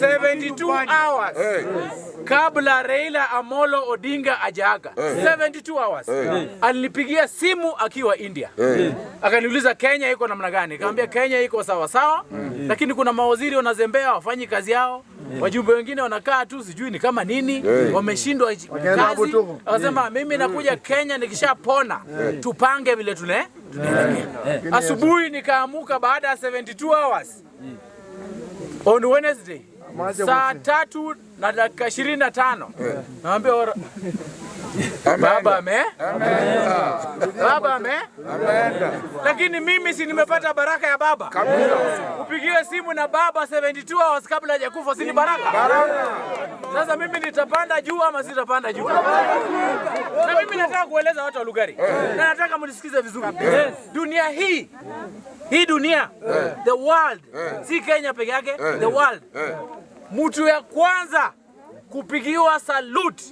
72 hours Kabla Raila Amolo Odinga ajaaga 72 hours Alinipigia simu akiwa India Akaniuliza Kenya iko namna gani? Kaambia Kenya iko sawa sawa Lakini kuna mawaziri wanazembea, wafanyi kazi yao Wajumbe wengine wanakaa tu sijui ni kama nini yeah. Wameshindwa kazi akasema yeah. Mimi nakuja Kenya nikishapona yeah. Tupange vile tune yeah. yeah. Asubuhi nikaamuka baada ya 72 hours yeah. On Wednesday saa tatu na dakika ishirini na tano eh. naambia baba ame ah. baba ame, lakini mimi si nimepata baraka ya baba Upigie simu na baba 72 hours kabla hajakufa, si ni baraka? baraka. Sasa mimi nitapanda juu ama sitapanda juu? Na mimi nataka kueleza watu wa Lugari eh. na nataka mnisikize vizuri. Eh. Eh. Dunia hii hii dunia, the world, si Kenya peke yake, the world, mtu ya kwanza kupigiwa salute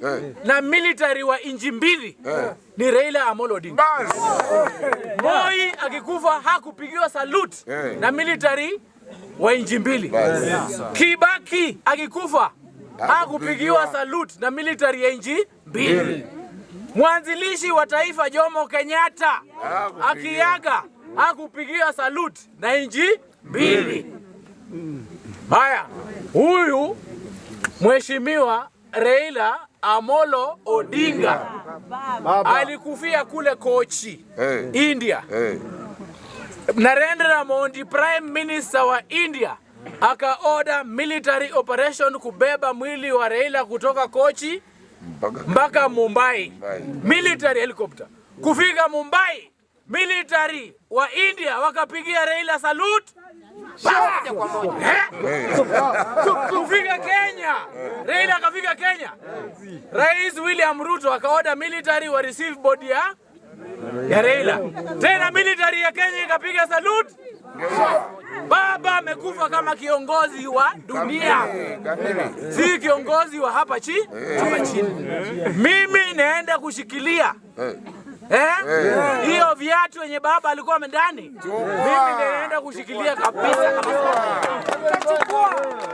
na military wa inji mbili ni Raila Amolo Odinga. Moi akikufa hakupigiwa salute na military wa inji mbili. Kibaki akikufa hakupigiwa salute na military ya nchi mbili. Mwanzilishi wa taifa Jomo Kenyatta akiaga hakupigiwa salute na nchi mbili. Haya, huyu mheshimiwa Raila Amolo Odinga alikufia kule Kochi, hey. Eh. India, hey. Eh. Narendra Modi prime minister wa India akaoda military operation kubeba mwili wa Raila kutoka Kochi mpaka, mpaka Mumbai. Mumbai military helicopter kufika Mumbai, military wa India wakapigia Raila salute eh? kufika Kenya, Raila akafika Kenya. Rais William Ruto akaoda military wa receive body ya Raila, tena military ya Kenya ikapiga salute Baba amekufa kama kiongozi wa dunia, si kiongozi wa hapa chi eh. hapa chini. Mimi naenda kushikilia eh. Eh? hiyo viatu yenye baba alikuwa amendani, mimi naenda kushikilia kabisa kabisa.